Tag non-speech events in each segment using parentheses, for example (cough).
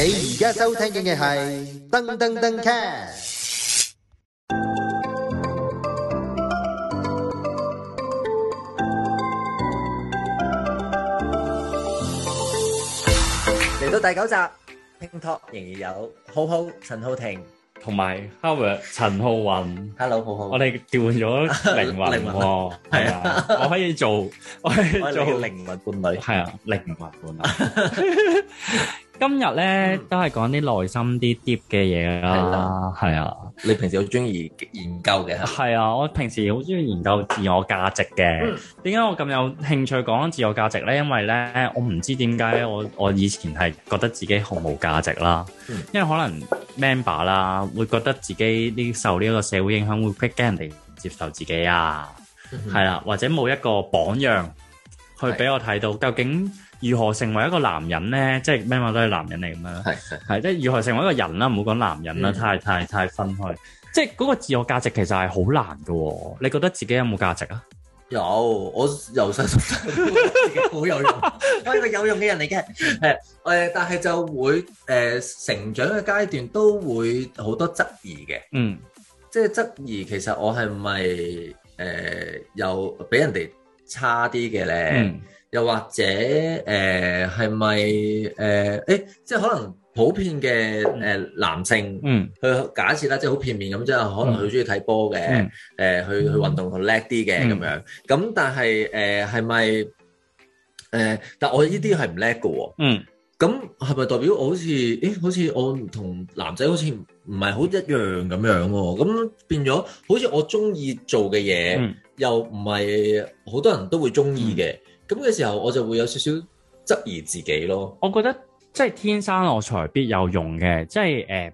你而家收聽嘅係《噔噔噔卡》，嚟到第九集，PikTok 仍然有浩浩，陳浩霆。同埋 Hello 陳浩雲，Hello，浩浩，我哋調換咗靈魂喎。係啊，我可以做，我可以做靈魂伴侶，係啊，靈魂伴侶。今日咧都係講啲內心啲 deep 嘅嘢啦。係啊，你平時好中意研究嘅。係啊，我平時好中意研究自我價值嘅。點解我咁有興趣講自我價值咧？因為咧，我唔知點解咧，我我以前係覺得自己毫無價值啦，因為可能。member 啦，會覺得自己呢受呢個社會影響會逼驚人哋接受自己啊，係啦， (laughs) 或者冇一個榜樣去俾我睇到的究竟如何成為一個男人呢？即係 member 都係男人嚟咁樣，係係即係如何成為一個人啦，唔好講男人啦、嗯，太太太分開，即係嗰個自我價值其實係好難嘅喎，啊，你覺得自己有冇價值啊？有，我由細到大都覺得自己好有用， (laughs) 我係個有用嘅人嚟嘅。誒，誒，但係就會誒、呃，成長嘅階段都會好多質疑嘅。嗯，即係質疑，其實我係咪誒又俾人哋差啲嘅咧？嗯、又或者誒係咪誒？誒，即係可能。普遍嘅誒、呃、男性，嗯，去假設啦，即係好片面咁，即係可能佢中意睇波嘅，誒、嗯呃，去去運動去叻啲嘅咁樣，咁但係誒係咪誒？但我呢啲係唔叻㗎喎，嗯，咁係咪代表我好似，咦、欸？好似我同男仔好似唔係好一樣咁樣喎、哦？咁變咗好似我中意做嘅嘢，嗯、又唔係好多人都會中意嘅，咁嘅、嗯、時候我就會有少少質疑自己咯。我覺得。即係天生我材必有用嘅，即係誒、呃，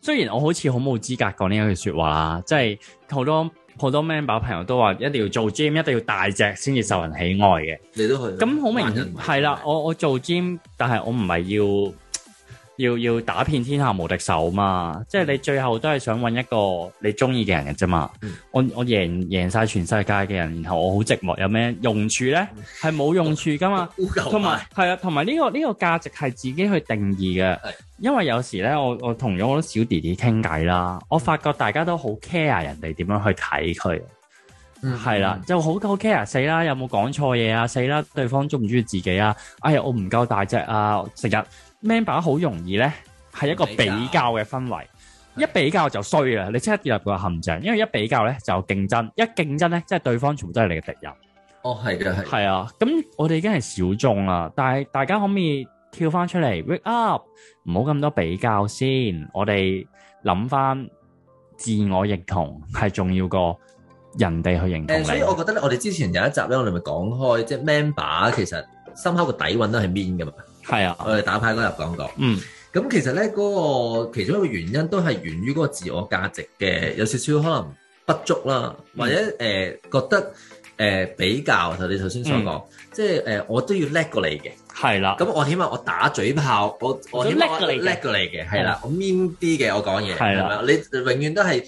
雖然我好似好冇資格講呢一句說話啦，即係好多好多 man 朋友都話一定要做 gym，一定要大隻先至受人喜愛嘅。你都係咁好明顯係啦，我我做 gym，但係我唔係要。要要打遍天下無敵手嘛，即係你最後都係想揾一個你中意嘅人嘅啫嘛。嗯、我我贏贏晒全世界嘅人，然後我好寂寞，有咩用處呢？係冇用處噶嘛。同埋係啊，同埋呢個呢、呢個價值係自己去定義嘅。的因為有時呢，我我同咗好多小弟弟傾偈啦，我發覺大家都好 care 人哋點樣去睇佢，係啦、嗯、就好夠 care 死啦，有冇講錯嘢啊？死啦，對方中唔中意自己、哎、啊？哎呀，我唔夠大隻啊，成日。Member 好容易咧，係一個比較嘅氛圍，的一比較就衰啦，你即刻跌入個陷阱。因為一比較咧就競爭，一競爭咧即係對方全部都係你嘅敵人。哦，係嘅，係係啊，咁我哋已經係小眾啦，但係大家可唔可以跳翻出嚟，wake up，唔好咁多比較先，我哋諗翻自我認同係重要過人哋去認同你。誒、嗯，所以我覺得咧，我哋之前有一集咧，我哋咪講開，即、就、係、是、Member 其實深刻個底蘊都係 mean 噶嘛。係啊，我哋打牌嗰日講過。嗯，咁其實咧，嗰個其中一個原因都係源於嗰個自我價值嘅有少少可能不足啦，或者誒、嗯呃、覺得誒、呃、比較就、你頭先所講，即係誒、呃、我都要叻過你嘅。係啦的，咁我起碼我打嘴炮，我我我叻過你嘅，係啦，我 mean 啲嘅，我講嘢係啦，你永遠都係。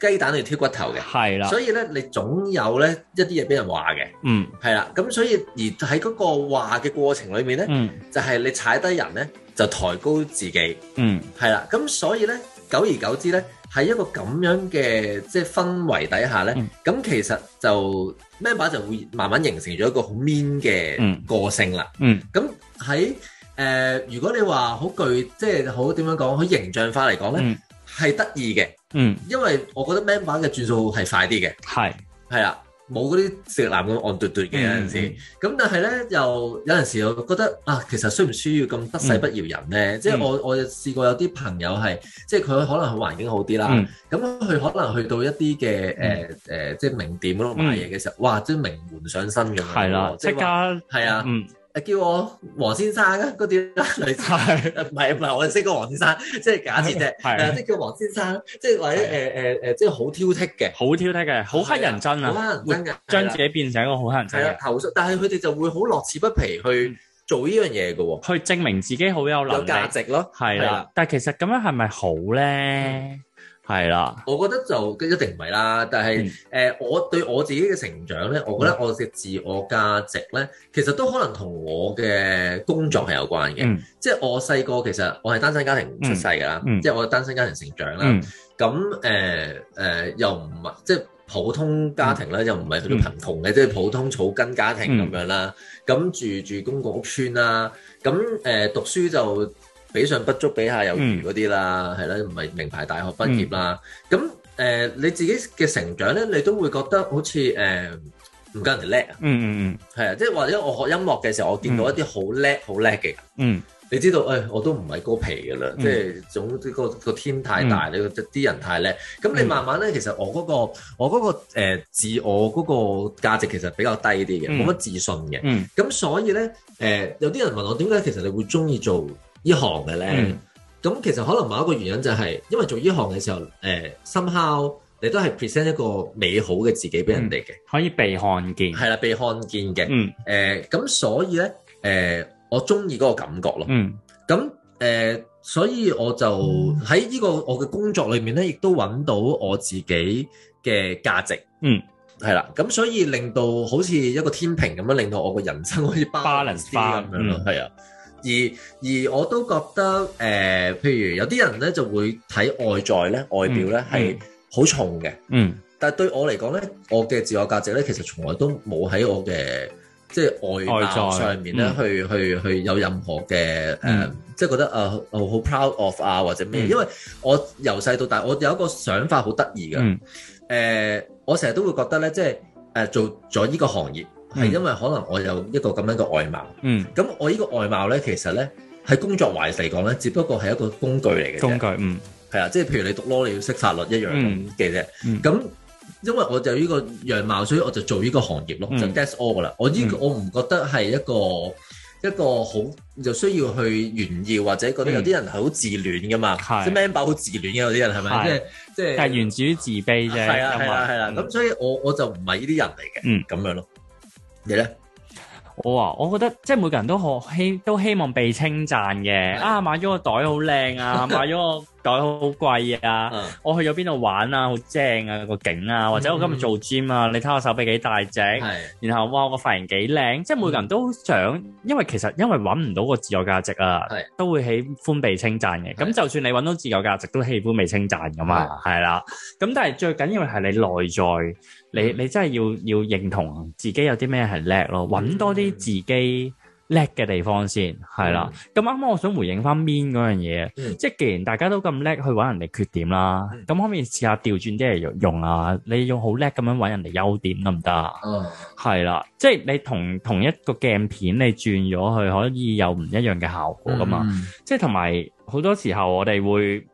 雞蛋都要挑骨頭嘅，係啦的，所以咧你總有咧一啲嘢俾人話嘅，嗯，係啦，咁所以而喺嗰個話嘅過程裏面咧，嗯，就係你踩低人咧，就抬高自己，嗯，係啦，咁所以咧，久而久之咧，喺一個咁樣嘅即係氛圍底下咧，咁、嗯、其實就 member、嗯、就會慢慢形成咗一個好 mean 嘅個性啦、嗯，嗯，咁喺誒如果你話好具即係好點樣講，好形象化嚟講咧。嗯係得意嘅，嗯，因為我覺得 man 版嘅轉數係快啲嘅，係係啦，冇嗰啲石男咁按嘟嘟嘅有陣時，咁但係咧，又有陣時又覺得啊，其實需唔需要咁得勢不饒人咧？嗯、即係我我試過有啲朋友係，即係佢可能環境好啲啦，咁佢、嗯、可能去到一啲嘅誒誒，即係名店嗰度買嘢嘅時候，哇！即係名門上身咁樣，係啦，即係加，啊，嗯。叫我黃先生啊，嗰啲女仔，唔係唔係，我就識個黃先生，即係假設啫，即叫黃先生，即係或者誒誒誒，即係好挑剔嘅，好挑剔嘅，好乞人憎啊，好乞人憎嘅，將自己變成一個好乞人憎嘅投訴，但係佢哋就會好樂此不疲去做呢樣嘢嘅，去證明自己好有能力，有價值咯，係啦，但係其實咁樣係咪好咧？係啦，嗯、我覺得就一定唔係啦，但係誒、嗯呃，我對我自己嘅成長咧，我覺得我嘅自我價值咧，其實都可能同我嘅工作係有關嘅。嗯、即係我細個其實我係單身家庭出世㗎啦，嗯嗯、即係我係單身家庭成長啦。咁誒誒又唔係即係普通家庭咧，又唔係去到貧窮嘅，嗯嗯、即係普通草根家庭咁樣啦。咁、嗯嗯嗯、住住公共屋邨啦，咁誒讀書就，比上不足，比下有餘嗰啲啦，係啦、嗯，唔係名牌大學畢業啦。咁誒、嗯呃，你自己嘅成長咧，你都會覺得好似誒唔夠人哋叻啊。嗯嗯嗯，係、嗯、啊，即係或者我學音樂嘅時候，我見到一啲好叻、好叻嘅人。嗯，你知道誒、哎，我都唔係高皮㗎啦，即係、嗯、總之個個,個天太大，你啲、嗯、人太叻。咁、嗯、你慢慢咧，其實我嗰、嗰個我嗰、嗰個、呃、自我嗰個價值其實比較低啲嘅，冇乜自信嘅。嗯，咁所以咧誒，有啲人問我點解其實你會中意做人家人家？呢行嘅咧，咁、嗯、其實可能某一個原因就係，因為做呢行嘅時候，誒、呃、somehow 你都係 present 一個美好嘅自己俾人哋嘅、嗯，可以被看見，係啦，被看見嘅，嗯，誒、呃，咁所以咧，誒、呃，我中意嗰個感覺咯，嗯，咁，誒、呃，所以我就喺呢個我嘅工作裏面咧，亦都揾到我自己嘅價值，嗯，係啦，咁所以令到好似一個天平咁樣，令到我個人生好似 balance 咁樣咯，係啊。而而我都覺得誒，譬如有啲人咧，就會睇外在咧，外表咧，係好重嘅。嗯。但係對我嚟講咧，我嘅自我價值咧，其實從來都冇喺我嘅即係外外在上面咧，去去去有任何嘅誒即係覺得啊，我好 proud of 啊或者咩？因為我由細到大，我有一個想法好得意嘅。嗯。誒，我成日都會覺得咧，即係誒做咗依個行業，係因為可能我有一個咁樣嘅外貌，咁我呢個外貌咧，其實咧喺工作環境嚟講咧，只不過係一個工具嚟嘅，工具，嗯，係啊，即係譬如你讀 law 你要識法律一樣嘅啫，咁因為我就呢個樣貌，所以我就做呢個行業咯，就 that's all 噶啦，我呢我唔覺得係一個一個好就需要去炫耀或者覺得有啲人係好自戀噶嘛，即係 man 包好自戀嘅有啲人係咪，即係即係源自於自卑啫，係啊，係啦，咁所以我我就唔係呢啲人嚟嘅，嗯，咁樣咯。你呢？我啊，我覺得即每個人都好希都希望被稱讚嘅。 (laughs) 啊，買咗個袋好靚啊，買咗個 (laughs) 袋好貴啊！我去咗邊度玩啊，好正啊個景啊，或者我今日做 gym 啊，你睇我手臂幾大隻，然後哇我個髮型幾靚，即係每個人都想，因為其實因為揾唔到個自我價值啊，都會喜歡被稱讚嘅。咁就算你揾到自我價值，都喜歡被稱讚㗎嘛，係啦。咁但係最緊要係你內在，你你真係要要認同自己有啲咩係叻咯，揾多啲自己叻嘅地方先，係啦。咁啱啱我想回應翻邊嗰樣嘢，嗯、即係既然大家都咁叻去揾人哋缺點啦，咁、嗯、可唔可以試下調轉啲嚟用啊？你用好叻咁樣揾人哋優點得唔得啊？嗯，係啦，即係你同同一個鏡片你轉咗去，可以有唔一樣嘅效果噶嘛？嗯嗯、即係同埋好多時候我哋會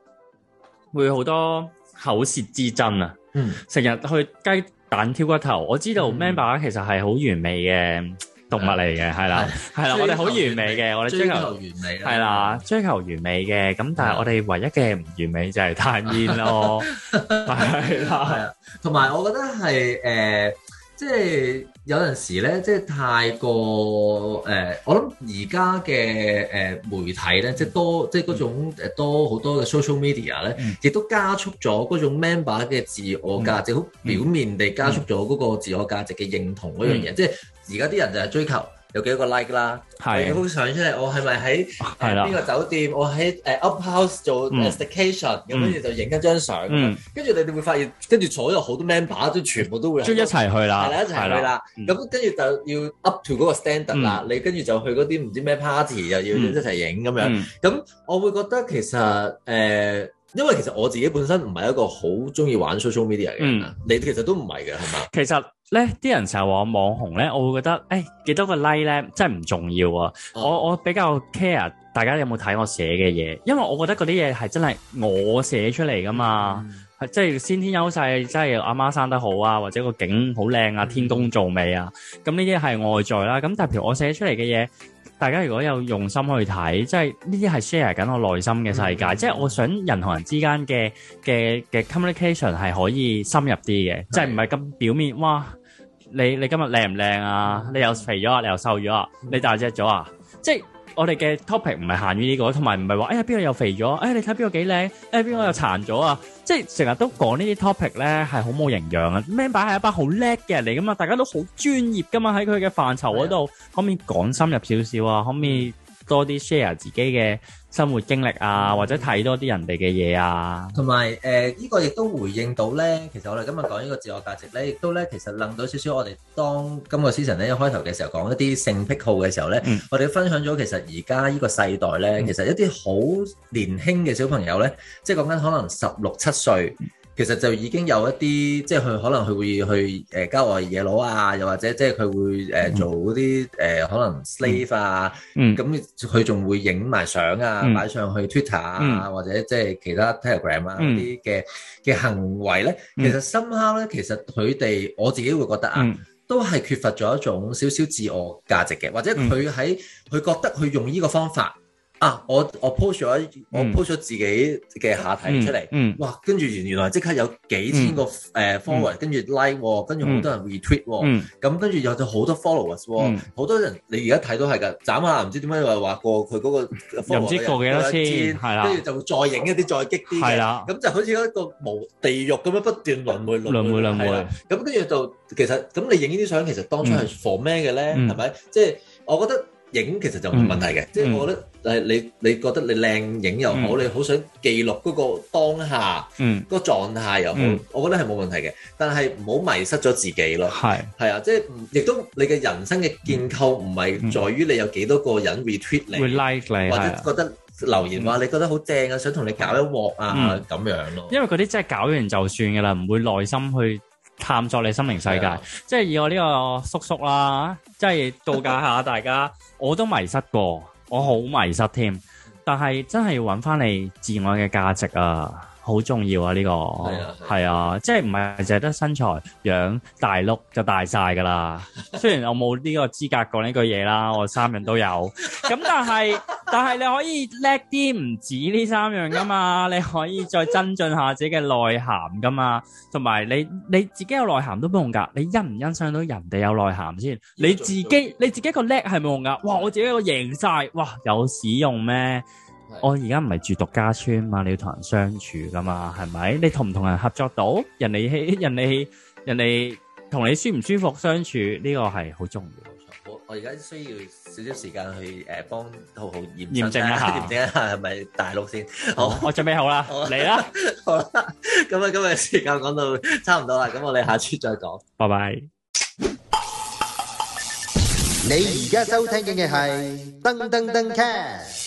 會好多口舌之爭啊！嗯，成日去雞蛋挑骨頭。我知道 Man r、嗯嗯、其實係好完美嘅。動物嚟嘅，係啦，係啦，我哋好完美嘅，我哋追求完美，係啦，追求完美嘅，咁但係我哋唯一嘅唔完美就係嘆煙囉，係啦，係啊，同埋我覺得係誒。即係有陣時咧，即係太過誒、呃，我諗而家嘅誒媒體咧，即係多即係嗰種多好多嘅 social media 咧，亦、嗯、都加速咗嗰種 member 嘅自我價值，好、嗯嗯、表面地加速咗嗰個自我價值嘅認同嗰樣嘢。嗯、即係而家啲人就係追求。有幾個 like 啦？係，影幅相出嚟，我係咪喺邊個酒店？我喺誒 up house 做 estication，咁跟住就影一張相。跟住你哋會發現，跟住所有好多 member，都全部都會一齊去啦，一齊去啦。咁跟住就要 up to 嗰個 standard 啦。你跟住就去嗰啲唔知咩 party，又要一齊影咁樣。咁我會覺得其實誒。因為其實我自己本身唔係一個好中意玩 social media 嘅人，嗯、你其實都唔係嘅，係嘛？其實咧，啲人成日話我網紅咧，我會覺得，誒、哎，幾多個 like 咧真係唔重要啊！嗯、我我比較 care 大家有冇睇我寫嘅嘢，因為我覺得嗰啲嘢係真係我寫出嚟噶嘛，係、嗯、即係先天優勢，即係阿媽生得好啊，或者個景好靚啊，嗯、天公造美啊，咁呢啲係外在啦。咁但譬如我寫出嚟嘅嘢，大家如果有用心去睇，即係呢啲係 share 緊我內心嘅世界，即係我想人同人之間嘅嘅嘅 communication 係可以深入啲嘅，即係唔係咁表面。哇！你你今日靚唔靚啊？你又肥咗啊？你又瘦咗啊？你大隻咗啊？即係。我哋嘅 topic 唔係限於呢個，同埋唔係話，哎呀邊個又肥咗，哎你睇邊個幾靚，哎邊個又殘咗啊！即係成日都講呢啲 topic 咧，係好冇營養啊！May 擺係一班好叻嘅人嚟㗎嘛，大家都好專業㗎嘛，喺佢嘅範疇嗰度，啊、可唔可以講深入少少啊？可唔可以？嗯多啲 share 自己嘅生活經歷啊，或者睇多啲人哋嘅嘢啊。同埋誒，呢、呃這個亦都回應到呢。其實我哋今日講呢個自我價值呢，亦都呢，其實諗到少少，我哋當今個 season 呢一開頭嘅時候講一啲性癖好嘅時候呢，嗯、我哋分享咗其實而家呢個世代呢，其實一啲好年輕嘅小朋友呢，即係講緊可能十六七歲。嗯其實就已經有一啲，即係佢可能佢會去誒、呃、交外野佬啊，又或者即係佢會誒、呃、做嗰啲誒可能 slave 啊，咁佢仲會影埋相啊，擺、嗯、上去 Twitter 啊，嗯、或者即係其他 Telegram 啊啲嘅嘅行為咧，其實深刻咧，其實佢哋我自己會覺得啊，都係缺乏咗一種少少自我價值嘅，或者佢喺佢覺得佢用呢個方法。啊！我我 post 咗我 post 咗自己嘅下體出嚟，哇！跟住原原來即刻有幾千個誒 follower，跟住 like，跟住好多人 retweet，咁跟住有咗好多 followers，好多人你而家睇都係噶，眨下唔知點解又話過佢嗰個又唔知過幾多千，係啦，跟住就再影一啲再激啲嘅，咁就好似一個無地獄咁樣不斷輪回輪回輪回，咁跟住就其實咁你影呢啲相，其實當初係 for 咩嘅咧？係咪？即係我覺得影其實就冇問題嘅，即係我覺得。係你，你覺得你靚影又好，你好想記錄嗰個當下，個狀態又好，我覺得係冇問題嘅。但係唔好迷失咗自己咯。係係啊，即係亦都你嘅人生嘅建構唔係在於你有幾多個人 retweet 你，retweet 你，或者覺得留言話你覺得好正啊，想同你搞一鑊啊咁樣咯。因為嗰啲真係搞完就算噶啦，唔會耐心去探索你心靈世界。即係以我呢個叔叔啦，即係度假下大家，我都迷失過。我好迷失添，但係真係要揾翻你自我嘅價值啊，好重要啊、呢個！呢個係啊，即係唔係淨係得身材、 (laughs) 樣大碌就大晒噶啦？雖然我冇呢個資格講呢句嘢啦，我三樣都有，咁但係。但係你可以叻啲，唔止呢三樣噶嘛， (laughs) 你可以再增進下自己嘅內涵噶嘛，同埋你你自己有內涵都冇用噶，你欣唔欣賞到人哋有內涵先，你自己你自己個叻係冇用噶，哇，我自己個贏晒，哇，有使用咩？ (laughs) 我而家唔係住獨家村嘛，你要同人相處噶嘛，係咪？你同唔同人合作到，人哋氣人哋人哋同你舒唔舒服相處呢個係好重要。我而家需要少少時間去誒幫浩浩驗驗證一下，驗證一下係咪大陸先？好，我準備好啦，嚟啦！好啦，咁啊，今日時間講到差唔多啦，咁我哋下次再講，拜拜。你而家收聽緊嘅係噔噔噔卡。